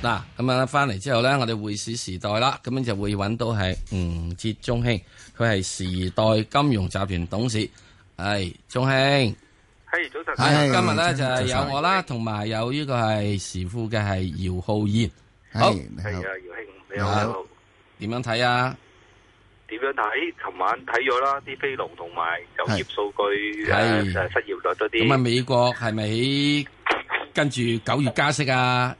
嗱，咁樣翻嚟之後咧，我哋匯市時代啦，咁樣就會揾到係吳捷鐘兄，佢係時代金融集團董事，係鐘兄，係早晨，係今日咧就係有我啦，同埋有呢個係時富嘅係姚浩然，好係啊，姚兄你好，你好，點樣睇啊？點樣睇？琴晚睇咗啦，啲飛龍同埋就業數據係失業率多啲，咁啊，美國係咪跟住九月加息啊？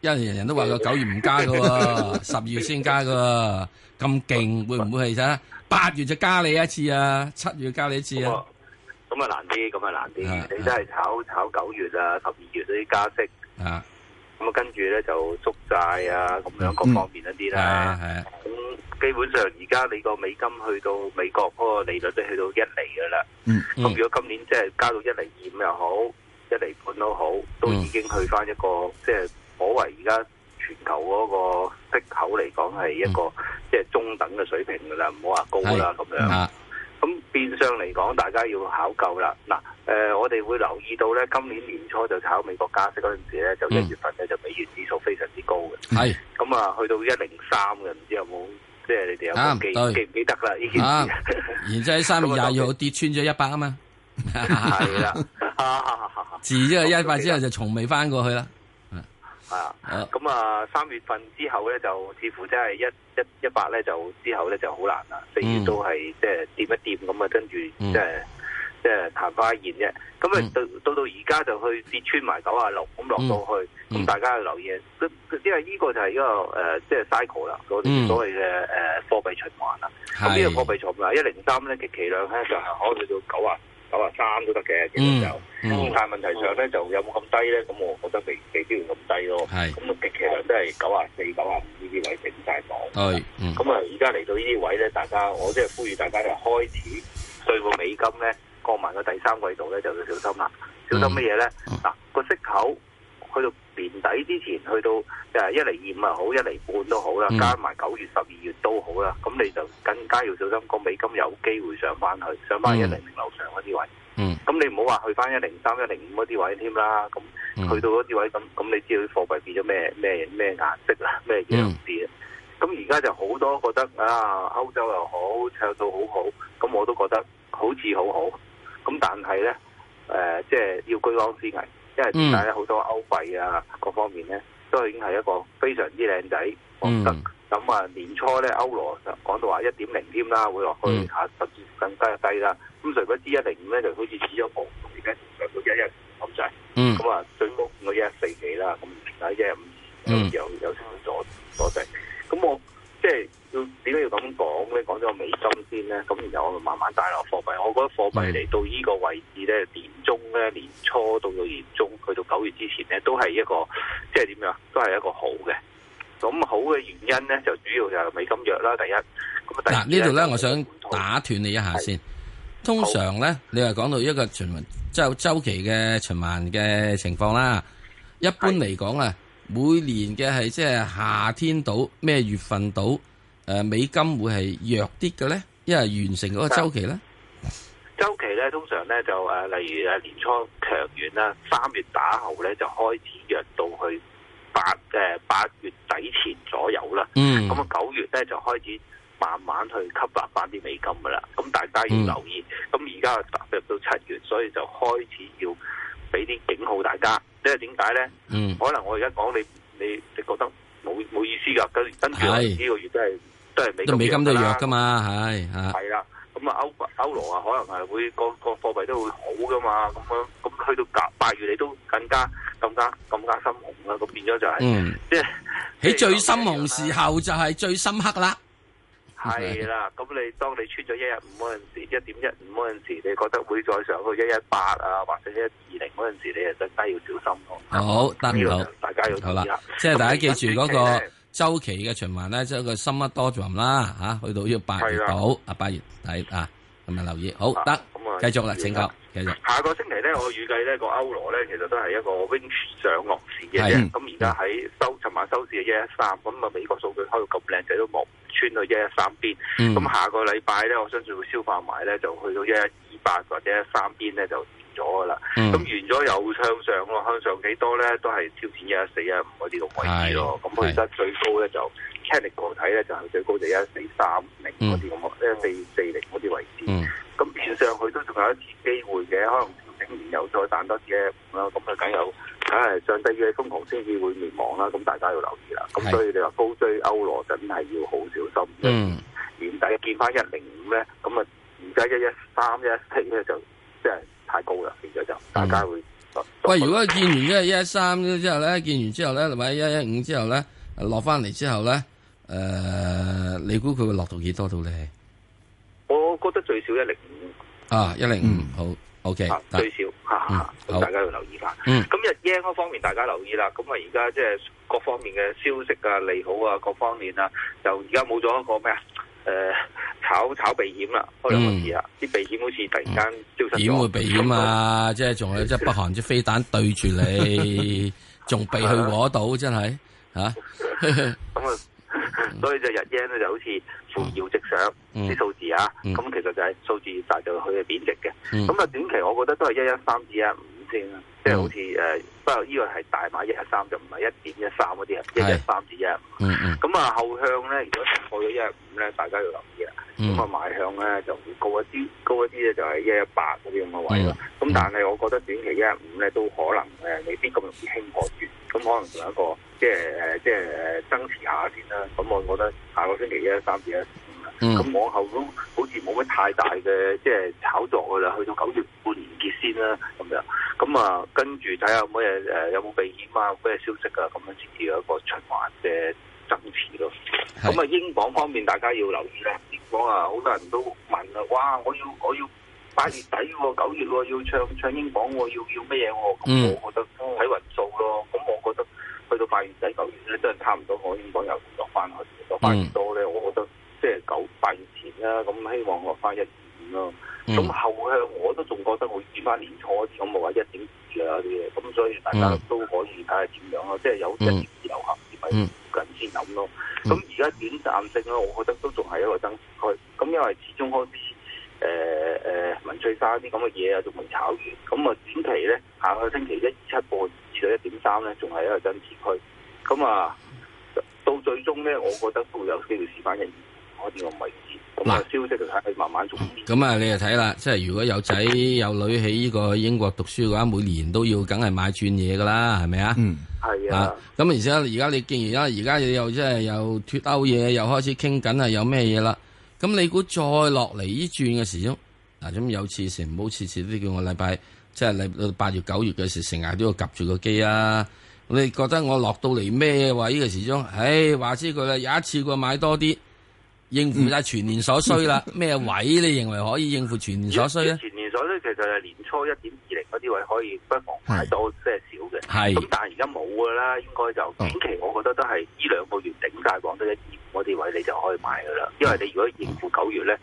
因為人人都話個九月唔加嘅、啊，十二月先加嘅、啊，咁勁會唔會去啫？八月就加你一次啊，七月加你一次啊，咁啊難啲，咁啊難啲。啊、你真係炒炒九月啊，十二月嗰啲加息啊，咁啊跟住咧就縮債啊，咁樣各方面一啲啦。咁、啊啊嗯、基本上而家你個美金去到美國嗰個利率都去到一厘噶啦。咁如果今年即係加到一厘二五又好，一厘半都好，都已經去翻一個即係。就是可為而家全球嗰個息口嚟講係一個即係中等嘅水平噶啦，唔好話高啦咁樣。咁對變相嚟講，大家要考究啦。嗱、呃，誒、呃，我哋會留意到咧，今年年初就炒美國加息嗰陣時咧，就一月份咧就美元指數非常之高嘅。係是。咁啊，去到一零三嘅，唔知有冇即係你哋有冇記對對記唔記得啦？呢件事呢。啊，然之後喺三月廿二號跌穿咗一百啊嘛。係 啦 對了。跌咗一百之後，就從未翻過去啦。啊，咁啊，三月份之後咧就似乎真係一一一百咧就之後咧就好難啦。四月都係即係掂一掂咁啊，就是、ician, 跟住即係即係曇花現啫。咁啊、um，到到到而家就去跌穿埋九啊六，咁落到去，咁、um, um, 大家留意，咁因為依個就係一個誒，即、就、係、是、cycle 啦，嗰啲所謂嘅誒貨幣循環啦。咁呢個貨幣循環一零三咧極其量咧就係可去到九啊九啊三都得嘅，其實就，但、um, um, um. 問題上咧就有冇咁低咧？咁我覺得未未至於咁低咯。係，咁啊是，極其量都係九啊四、九啊五呢啲位整晒房。對，咁、嗯、啊，而家嚟到呢啲位咧，大家我即係呼籲大家咧開始對個美金咧過埋個第三季度咧就要小心啦。小心乜嘢咧？嗱、嗯，個、啊、息口去到年底之前，去到即一零二五又好，一零半都好啦，嗯、加埋九月、十二月都好啦。咁你就更加要小心個美金有機會上翻去，上翻一零零樓上嗰啲位。嗯。咁你唔好話去翻一零三、一零五嗰啲位添啦。咁。嗯、去到嗰啲位咁咁，你知道啲貨幣變咗咩咩咩顏色啦，咩樣子啊？咁而家就好多覺得啊，歐洲又好，唱到好好，咁我都覺得好似好好。咁但係咧，誒、呃，即係要居安思危，因為點解咧？好、嗯、多歐幣啊，各方面咧，都已經係一個非常之靚仔。得咁啊，年初咧歐羅講到話一點零添啦，會落去下十月更加低啦。咁誰不知一零五咧，就好似止咗步，而家上到一一。咁滯，咁啊、嗯嗯、最高五個一四幾啦，咁而家一五又又有所所跌，咁我即係要點解要咁講咧？講咗個美金先咧，咁然後我咪慢慢帶落貨幣。我覺得貨幣嚟到呢個位置咧，年中咧，年初到年初到年中，去到九月之前咧，都係一個即係點樣，都係一個好嘅。咁好嘅原因咧，就主要就係美金弱啦。第一，咁啊，嗱呢度咧，我，我想打斷你一下先。通常咧，好你話講到一個循環即係周期嘅循環嘅情況啦。一般嚟講啊，是每年嘅係即係夏天到咩月份到誒美金會係弱啲嘅咧，因為完成嗰個周期咧。周期咧通常咧就誒例如誒年初強完啦，三月打後咧就開始弱到去八誒八月底前左右啦。嗯咁啊九月咧就開始。慢慢去吸納翻啲美金噶啦，咁大家要留意。咁而家踏入到七月，所以就開始要俾啲警號大家。即係點解咧？嗯，可能我而家講你，你你覺得冇冇意思噶？跟跟住呢個月都係是都係美美金弱都美金弱噶嘛，係啊的。係啦的，咁啊歐歐羅啊，的可能係會個個貨幣都會好噶嘛。咁樣咁去到八月，你都更加更加更加深紅啦。咁變咗就係、是，即係喺最深紅時候就係最深刻啦。係啦，咁你當你穿咗一一五嗰陣時，一點一五嗰陣時，你覺得會再上去一一八啊，或者一二零嗰陣時，你就梗係要小心咯。好得，好，大家要留意啦。即係大家記住嗰個周期嘅循環咧，即係個 summer doldrum 啦吓，去到要八月度啊八月底啊，咁啊留意。好得，咁啊繼續啦，請求繼續。下個星期咧，我預計呢個歐羅咧，其實都係一個 range 上落市嘅啫。咁而家喺收尋晚收市嘅一一三，咁啊美國數據開到咁靚仔都冇。穿到一一三邊，咁、嗯、下個禮拜咧，我相信會消化埋咧，就去到一一二八或者一一三邊咧就了了、嗯、完咗㗎啦。咁完咗又向上喎，向上幾多咧？都係超前一一四一五嗰啲位置咯。咁我覺得最高咧就 canary 是個睇咧就係、是、最高就一一四三零嗰啲咁咯，一一四四零嗰啲位置。咁變、嗯嗯、上去都仲有一次機會嘅，可能。然，後彈然有再彈多次嘅咁咯，咁啊梗有，梗係上得越嚟瘋狂，先至會滅亡啦。咁大家要留意啦。咁是所以你話高追歐羅真係要好小心。嗯，年底見翻一零五咧，咁啊而家一一三一一七咧，就即係太高啦。現在就大家會、嗯、喂，如果見完一一一三之後咧，見完之後咧，咪一一五之後咧，落翻嚟之後咧，誒、呃，你估佢會落到幾多度咧？我覺得最少一零五啊，一零五好。O Okay , K，最少，咁、嗯啊、大家要留意下。咁好日 y 嗰、嗯、方面，大家留意啦。咁啊、嗯，而家即係各方面嘅消息啊，利好啊，各方面啊，就而家冇咗一個咩啊？誒，炒炒避險啦，開兩個字啊，啲避險好似突然間消失咗。點會避險啊？即係仲有即係北韓嘅飛彈對住你，仲避去嗰度，真係啊？ 所以就日 yen 咧就好似扶搖直上啲數字啊，咁、嗯嗯、其實就係數字大、嗯、就佢係貶值嘅。咁啊短期我覺得都係一一三至一五先啦，即係、嗯、好似誒，不過呢個係大碼一一三就唔係一點一三嗰啲啊，一一三至一五。咁啊後向咧，如果破咗一一五咧，大家要留意啦。咁啊賣向咧就會高一啲，高一啲咧就係一一八嗰啲咁嘅位咯。咁、嗯嗯、但係我覺得短期一一五咧都可能誒，未必咁容易輕破住。咁可能仲有一個，即係誒，即係誒，增持下先啦。咁我覺得下個星期一、三至一五咁往後都好似冇乜太大嘅，即係炒作㗎啦。去到九月半年結先啦，咁樣。咁啊，跟住睇下有咩誒，有冇避險啊，有咩消息啊，咁樣先至有一個循環嘅增持咯。咁啊，英鎊方面大家要留意咧，英鎊啊，好多人都問啊，哇！我要我要八月底喎，九月喎，要唱唱英鎊喎，要要乜嘢喎？嗯，我覺得睇運數咯。咁我。去到八月底九月咧，真係差唔多可以講有工作翻去，到八月多咧。我覺得即係九八月前啦，咁希望落翻一點五咯。咁、嗯、後向我都仲覺得可以跌翻年初咁，冇話一點二啊啲咁，所以大家都可以睇下點樣咯。嗯、即係有一點二留下，而唔係附近先諗咯。咁而家短暫性咧，我覺得都仲係一個增開。咁因為始終開始，誒、呃、誒、呃、文翠珊啲咁嘅嘢啊，仲未炒完，咁啊短期咧，下個星期一、二、七半，就一點三咧，仲係一個增持區。咁啊，到最終咧，我覺得都有機會試翻一二，我點講唔係二？咁啊，消息就係，慢慢做。咁啊，你又睇啦，即係如果有仔有女喺呢、這個英國讀書嘅話，每年都要，梗係買轉嘢㗎喇，係咪、嗯、啊？嗯，係啊。咁而且而家你見而家而家你又即係又脱歐嘢，又開始傾緊係有咩嘢啦？咁你估再落嚟依轉嘅時鐘，嗱咁有次成，唔好次次都叫我禮拜。即係你八月九月嘅時，成日都要夾住個機啊！你覺得我落到嚟咩位嘅時鐘？唉、哎，話之佢啦，有一次過買多啲，應付晒全年所需啦。咩 位你認為可以應付全年所需咧？全年所需其實係年初一點二零嗰啲位可以不妨買多些是少嘅。係咁是，但係而家冇噶啦，應該就短、哦、期，我覺得都係呢兩個月頂大往到一點嗰啲位你就可以買噶啦。嗯、因為你如果應付九月咧，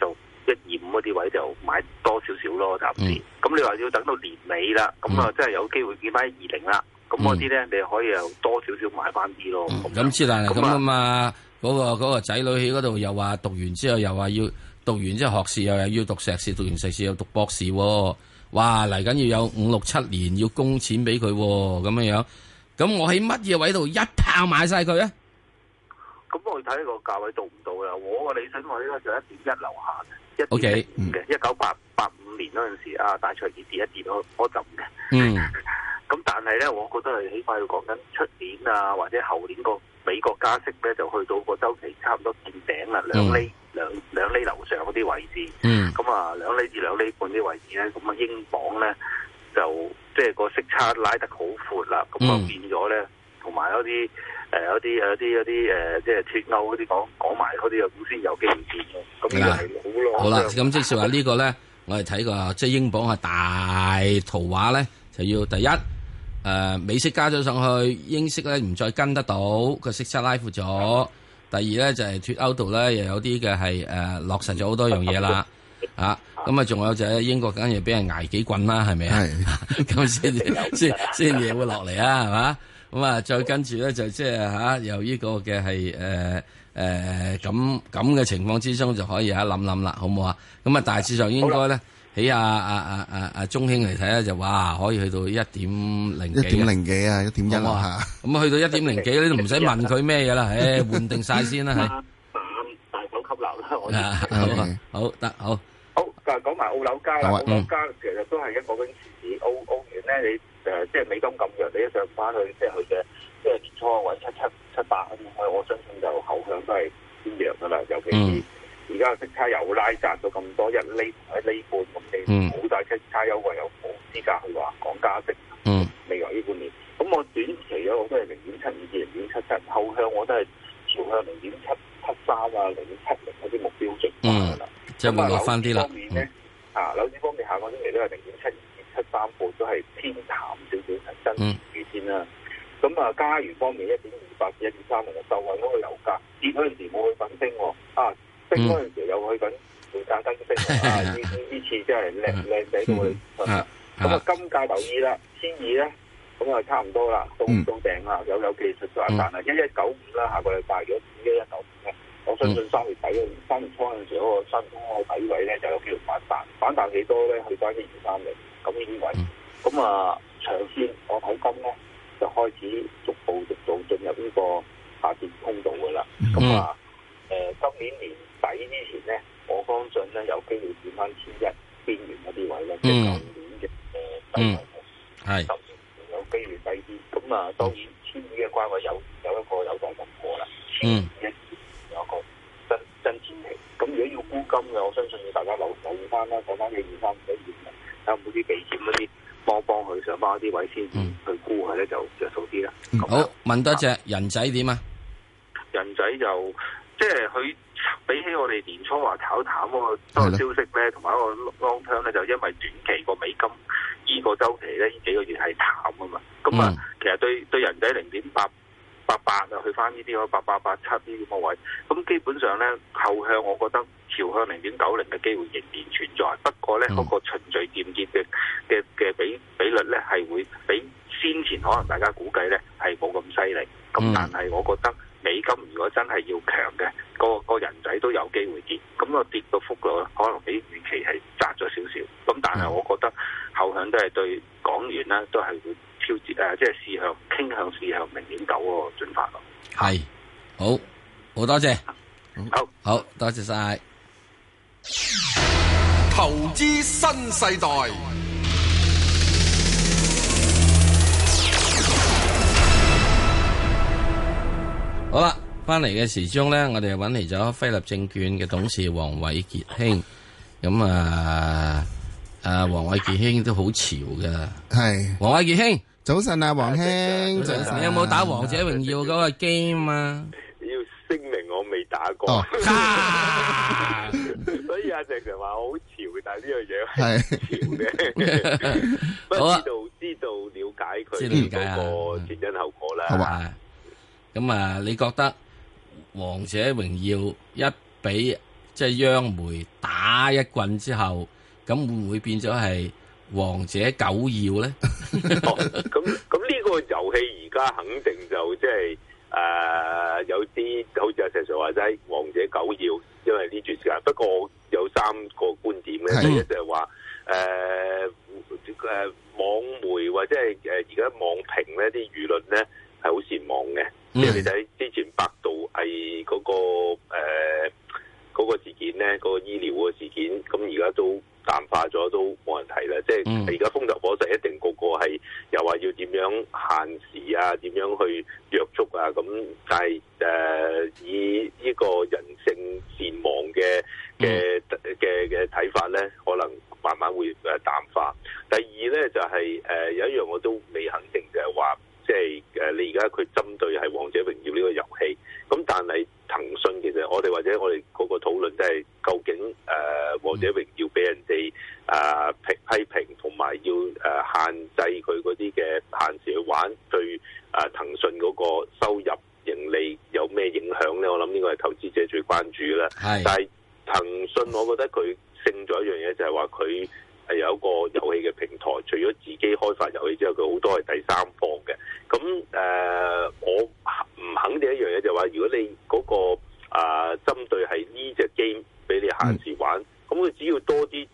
就。一二五嗰啲位就買多少少咯，暫時。咁你話要等到年尾啦，咁啊，真係有機會見翻二零啦。咁嗰啲咧，你可以又多少少買翻啲咯。咁之難啊，咁啊，嗰個嗰個仔女喺嗰度又話讀完之後又話要讀完之後學士又又要讀碩士，讀完碩士又讀博士，哇！嚟緊要有五六七年要供錢俾佢咁樣樣。咁我喺乜嘢位度一炮買晒佢咧？咁我睇個價位到唔到啦。我嘅理想位咧就一點一樓下。一九八八五年嗰陣時啊，大財熱跌一跌嗰陣嘅，嗯，咁但係咧，我覺得係起碼要講緊出年啊，或者後年個美國加息咧，就去到個周期差唔多見頂啦，兩厘兩兩厘樓上嗰啲位置，嗯、mm，咁、hmm. 啊兩厘至兩厘半啲位置咧，咁啊英鎊咧就即係、就是、個息差拉得好闊啦，咁啊變咗咧，同埋嗰啲。誒，有啲有啲有啲誒，即係脱歐嗰啲講講埋嗰啲嘅股先有機會跌咁係好咯。好啦，咁即是話呢個咧，我哋睇個即係英鎊係大圖畫咧，就要第一誒，美息加咗上去，英息咧唔再跟得到，個息差拉闊咗。第二咧就係脱歐度咧又有啲嘅係誒落實咗好多樣嘢啦，啊，咁啊仲有就係英國梗係俾人挨幾棍啦，係咪啊？係咁先先先嘢會落嚟啊，係嘛？咁啊，再跟住咧就即係嚇，由呢個嘅係誒誒咁咁嘅情況之中就可以嚇諗諗啦，好唔好啊？咁啊，大致上應該咧，起阿阿阿阿阿中興嚟睇咧，就哇可以去到一點零幾一點零幾啊，一點一啊，咁啊去到一點零幾咧都唔使問佢咩嘢啦，誒換定曬先啦嚇，大手吸流啦，我好啊好得好好，就係講埋澳紐街，澳紐街其實都係一個永恆市，澳澳元咧你。誒，即係美金咁弱，你一上翻去，即係佢嘅即係年初或者七七七八，我我相信就後向都係偏弱噶啦，尤其是而家嘅息差又拉窄咗咁多，一厘一厘半咁，你好大息差優惠又冇資格去話講加息， 嗯，未來呢半年。咁我短期有好多係零點七二、零點七七，後向我都係朝向零點七七三啊、零點七零嗰啲目標值。嗯，即係回落翻啲啦。啊，樓市方面，嗯、方面下個星期都係零點七二。三部都係偏淡少少，嚟跟住先啦。咁、嗯、啊，加元方面一點二八至一點三零嘅收啊，嗰個油價跌嗰陣時冇去粉升喎，啊升嗰陣時又去緊緩減跟升啊！呢次真係靚靚仔到你。咁啊，金價留意啦，千二咧，咁啊差唔多啦，到到頂啦，有有技術反彈啦，一一九五啦，下個禮拜如果跌一一九五咧，我相信三月底三月初嗰陣時嗰、那個三月初底位咧就有機會反彈，反彈幾多咧？去翻一二三零。咁呢啲位，咁啊、嗯，長線我睇今咧，就開始逐步逐步進入呢個下跌通道噶啦。咁啊、嗯，誒、呃，今年年底之前咧，我相信咧有機會轉翻千一邊緣嗰啲位咧，即係、嗯、今年嘅誒、呃嗯、底係十年有機會低啲。咁啊、嗯，當然千二嘅關口有有一個有待突破啦。嗯。啲位先去估下咧，就着數啲啦。好，問多謝、啊、人仔點啊？人仔就即係佢比起我哋年初話炒淡喎，多八八啊，去翻呢啲可八八八七呢啲高位，咁基本上咧後向，我覺得朝向零點九零嘅機會仍然存在，不過咧個、嗯、個循序漸進嘅嘅嘅比比率咧係會比先前可能大家估計咧係冇咁犀利，咁但係我覺得美金如果真係要強嘅，個、嗰個人仔都有機會跌，咁啊跌到幅度可能比預期係窄咗少少，咁但係我覺得後向都係對港元啦都係會。要誒，即係試向傾向試向明年九個進發咯。係，好，好多謝。好好，多謝晒。投資新世代。好啦，翻嚟嘅時鐘咧，我哋揾嚟咗輝立證券嘅董事黃瑋杰兄。咁啊，啊黃瑋杰兄都好潮噶。係，黃瑋杰兄。早晨啊，黃兄，早晨有冇打王者榮耀嗰個 game 啊？要聲明我未打過，所以阿鄭就話好潮，但係呢樣嘢係潮嘅。好啊，知道、知道了解佢嗰個前因後果啦。好啊，咁啊，你覺得王者榮耀一俾即係央媒打一棍之後，咁會唔會變咗係王者九耀咧？ 哦，咁咁呢個遊戲而家肯定就即係誒，有啲好似阿石 Sir 話齋王者榮耀，因為呢段時間，不過有三個觀點咧，的第一就係話誒誒網媒或者係誒而家網評咧啲輿論咧係好善忘嘅。即係、嗯、你睇之前百度係嗰、哎嗰個誒個事件咧，嗰個醫療個事件，咁而家都，淡化咗都冇人提啦，即係而家風頭火勢，一定個個係又話要點樣限時啊，點樣去約束啊，咁但係誒、呃、以呢個人性善忘嘅嘅嘅嘅睇法咧，可能慢慢會誒淡化。第二咧就係、是、誒、呃、有一樣我都未肯定就係話。即係誒，你而家佢針對係、呃《王者榮耀》呢個遊戲，咁但係騰訊其實我哋或者我哋嗰個討論就係究竟誒《王者榮耀》俾人哋誒批批評，同埋要誒限制佢嗰啲嘅限時去玩對，對誒騰訊嗰個收入盈利有咩影響咧？我諗應該係投資者最關注啦。是但係騰訊我覺得佢勝咗一樣嘢，就係話佢。係有一個遊戲嘅平台，除咗自己開發遊戲之外，佢好多係第三方嘅。咁誒、呃，我唔肯定一樣嘢，就係話如果你嗰、那個誒針、呃、對係呢隻 game 俾你限時玩，咁佢、嗯、只要多啲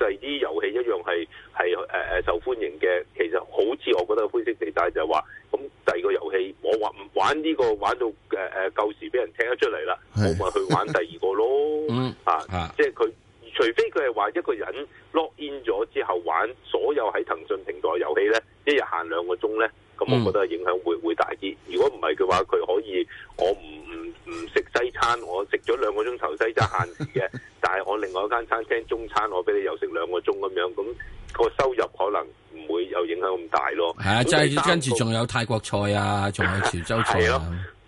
就係啲遊戲一樣係係誒誒受歡迎嘅。其實好似我覺得灰色地帶就係話，咁第二個遊戲我話唔玩呢、這個玩到誒誒舊時俾人聽得出嚟啦，是我咪去玩第二個咯。嗯、啊，啊即係佢除非佢係話一個人落。癲咗之後玩所有喺騰訊平台遊戲咧，一日限兩個鐘咧，咁我覺得影響會會大啲。如果唔係嘅話，佢可以我唔唔唔食西餐，我食咗兩個鐘頭西餐限時嘅，但係我另外一間餐廳中餐，我俾你又食兩個鐘咁樣，咁個收入可能唔會有影響咁大咯。係啊，咁跟住仲有泰國菜啊，仲有潮州菜咯。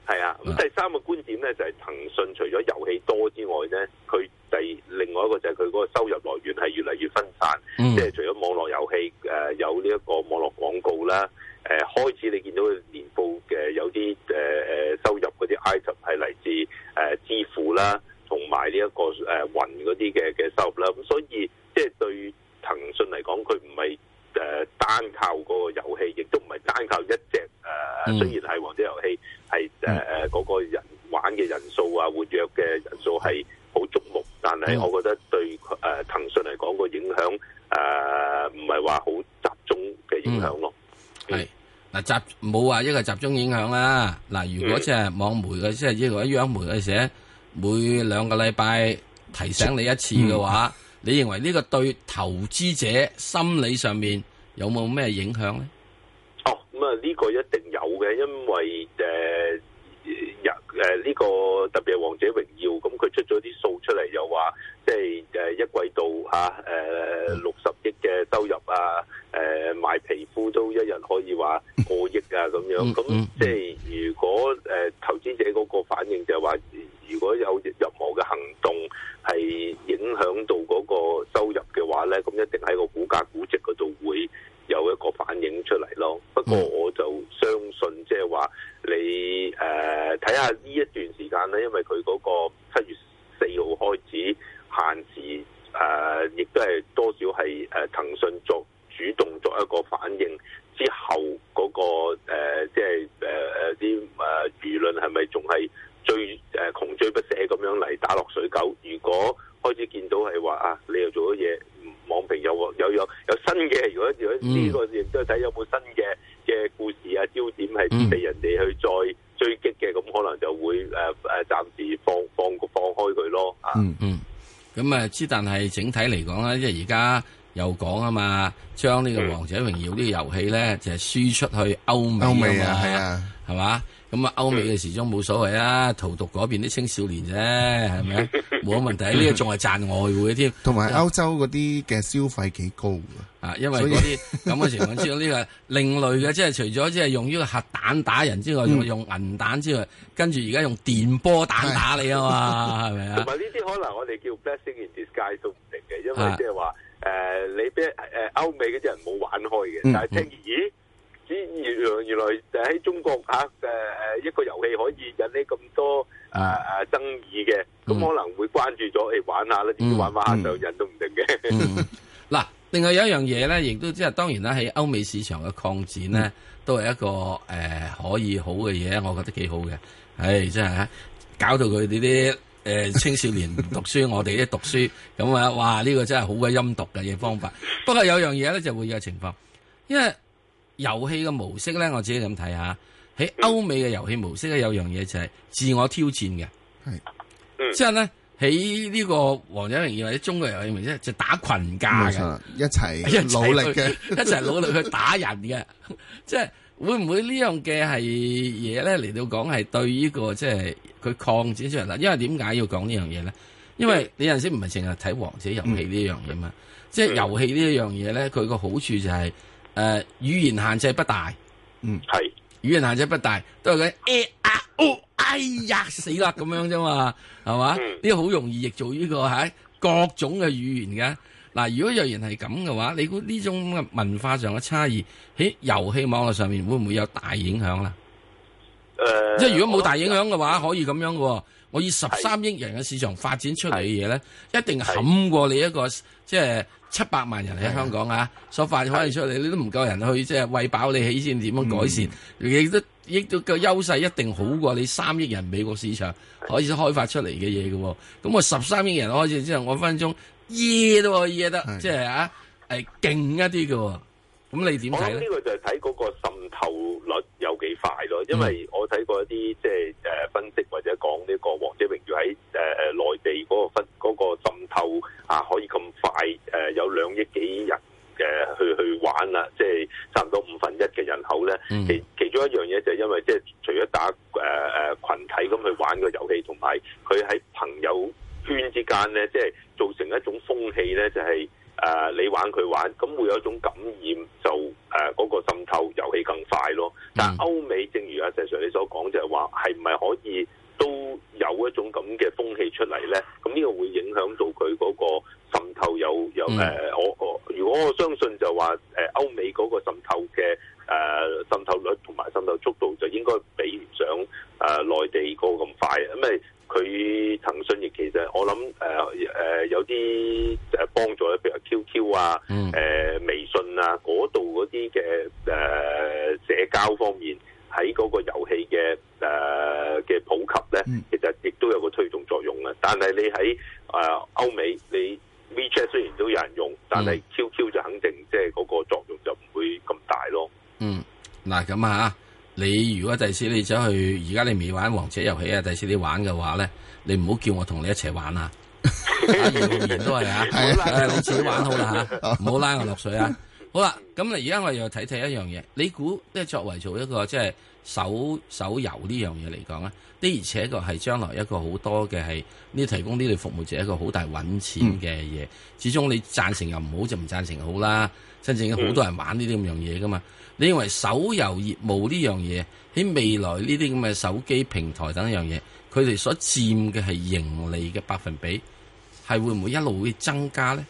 係啊，咁第三個觀點咧就係騰訊除咗遊戲多之外咧，佢。一個就係佢個收入來源係越嚟越分散，即係除咗網絡遊戲誒有呢一個網絡廣告啦，誒開始你見到佢年報嘅有啲誒誒收入啲 item 係嚟自誒支付啦，同埋呢一個誒雲啲嘅嘅收入啦，咁所以即係對騰訊嚟講佢唔係誒單靠個遊戲，亦都唔係單靠一隻誒。集冇話、啊、一個集中影響啦、啊，嗱，如果即係網媒嘅，嗯、即係呢個央媒嘅寫每兩個禮拜提醒你一次嘅話，嗯、你認為呢個對投資者心理上面有冇咩影響咧？哦，咁啊，呢個一定有嘅，因為誒。呃誒呢、呃這個特別係王者榮耀，嗯，咁佢出咗啲數出嚟，又話即係誒、呃、一季度吓誒六十億嘅收入啊，誒、呃、賣皮膚都一日可以話過億啊咁樣。咁、嗯嗯嗯、即係如果誒、呃、投資者嗰個反應就係話，如果有任何嘅行動係影響到嗰個收入嘅話咧，咁一定喺個股價估值嗰度會有一個反映出嚟咯。不過我就相信即係話你。睇下呢一段時間咧，因為佢嗰個。咁啊，之但係整體嚟講咧，即係而家。又講啊嘛，將呢個王者榮耀個遊戲呢個遊戲咧，就係、是、輸出去歐美歐美啊嘛，係啊，係嘛，咁啊歐美嘅始終冇所謂啊，荼毒嗰邊啲青少年啫，係咪啊？冇問題，呢 個仲係賺外匯添，同埋歐洲嗰啲嘅消費幾高啊，因為嗰啲咁嘅情況，之係呢個另類嘅，即係除咗即係用呢個核彈打人之外，嗯、用銀彈之外，跟住而家用電波彈打你啊嘛，係咪 啊？同埋呢啲可能我哋叫 blessing in disguise 都唔定嘅，因為即係話。誒、呃，你俾誒歐美嗰啲人冇玩開嘅，但係聽咦，之原來原來就喺中國吓誒誒一個遊戲可以引起咁多誒誒，啊、爭議嘅，咁，嗯、可能會關注咗去，欸、玩下啦，自己玩玩下就，嗯、人都唔定嘅。嗱、嗯， 另外有一樣嘢咧，亦都即係當然啦，喺歐美市場嘅擴展咧，都係一個誒，呃、可以好嘅嘢，我覺得幾好嘅。誒、哎，真係搞到佢哋啲。誒、呃，青少年讀書， 我哋啲讀書咁啊，哇！呢、這個真係好鬼陰毒嘅嘢、這個、方法。 不過有樣嘢咧，就會有情況，因為遊戲嘅模式咧，我自己咁睇下，喺歐美嘅遊戲模式咧，有樣嘢就係自我挑戰嘅，係是，即係咧喺呢個《王者榮耀》或者中國遊戲模式，就是、打群架嘅，一齊一齊努力嘅，一齊努力去打人嘅，即係。會唔會呢樣嘅係嘢咧，嚟到講係對呢、這個即係佢擴展出嚟啦？因為點解要講呢樣嘢咧？因為你陣時唔係淨係睇王者遊戲呢樣嘢嘛，嗯、即係遊戲呢一樣嘢咧，佢個好處就係、是、誒、呃、語言限制不大，嗯係是語言限制不大，都係佢誒啊哦，哎呀死啦咁 樣啫嘛，係嘛，呢好、嗯、容易亦做呢、這個係各種嘅語言嘅。嗱，如果有人係咁嘅話，你估呢種嘅文化上嘅差異喺遊戲網絡上面會唔會有大影響啦？誒、呃，即係如果冇大影響嘅話，的可以咁樣嘅、哦。我以十三億人嘅市場發展出嚟嘅嘢咧，的一定冚過你一個即係七百萬人喺香港的啊所發展可以出嚟，的你都唔夠人去即係餵飽你起先點樣改善？亦、嗯、都亦都個優勢一定好過你三億人美國市場可以開發出嚟嘅嘢嘅。咁我十三億人開始之後，我分我分鐘。耶都可以耶得，即係啊，係勁、就是、一啲嘅。咁你點睇？呢個就係睇嗰個滲透率有幾快咯，因為我睇過一啲即係誒分析或者講呢個《王者榮耀》喺、呃、誒內地嗰個分、那個滲透啊，可以咁快誒、呃、有兩億幾人誒、呃、去去玩啦，即係差唔多五分一嘅人口咧。嗯、其其中一樣嘢就係因為即係除咗打誒誒、呃呃、群體咁去玩、這個遊戲，同埋佢喺朋友。端之間咧，即係造成一種風氣咧，就係、是、誒、呃、你玩佢玩，咁會有一種感染，就誒、呃、那個滲透遊戲更快咯。但係歐美，正如阿鍾 Sir 你所講就係話係唔係可以都有一種咁嘅風氣出嚟咧？咁呢個會影響到佢個滲透有有誒、呃嗯、我我如果我相信就話誒、呃、歐美個滲透。咁吓，你如果第次你走去，而家你未玩王者遊戲啊，第次你玩嘅話咧，你唔好叫我同你一齊玩啊！唔然都係啊，你自己玩好啦吓，唔好拉我落水啊！好啦，咁你而家我又睇睇一樣嘢，你估即係作為做一個即係手手遊呢樣嘢嚟講咧，的而且確係將來一個好多嘅係呢提供呢類服務者一個好大搵錢嘅嘢，嗯、始終你贊成又唔好，就唔贊成好啦。真正有好多人玩呢啲咁樣嘢㗎嘛？你認為手遊業務呢樣嘢喺未來呢啲咁嘅手機平台等一樣嘢，佢哋所佔嘅係盈利嘅百分比，係會唔會一路會增加咧？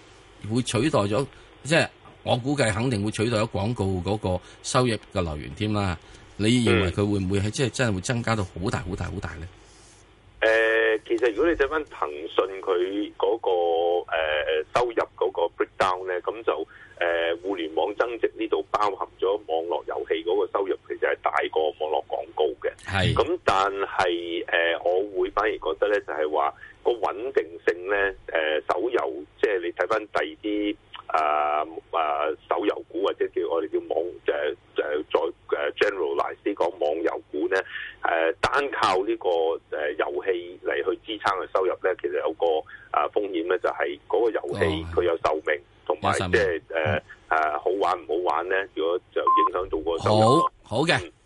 會取代咗，即係我估計肯定會取代咗廣告嗰個收入嘅來源添啦。你認為佢會唔會係即係真係會增加到好大好大好大咧？誒。其實如果你睇翻騰訊佢嗰、那個、呃、收入嗰個 breakdown 咧，咁就誒、呃、互聯網增值呢度包含咗網絡遊戲嗰個收入，其實係大過網絡廣告嘅。係咁是，但係誒、呃，我會反而覺得咧，就係、是、話個穩定性咧，誒、呃、手遊即係你睇翻第二啲。啊啊手遊股或者叫我哋叫網誒誒在誒 general Life 嚟講網遊股咧誒、uh, 單靠呢、這個誒遊戲嚟去支撐嘅收入咧，其實有個啊、uh, 風險咧就係、是、嗰個遊戲佢有壽命，同埋即係誒誒好玩唔好玩咧，如果就影響到個收入。好，好嘅。嗯好。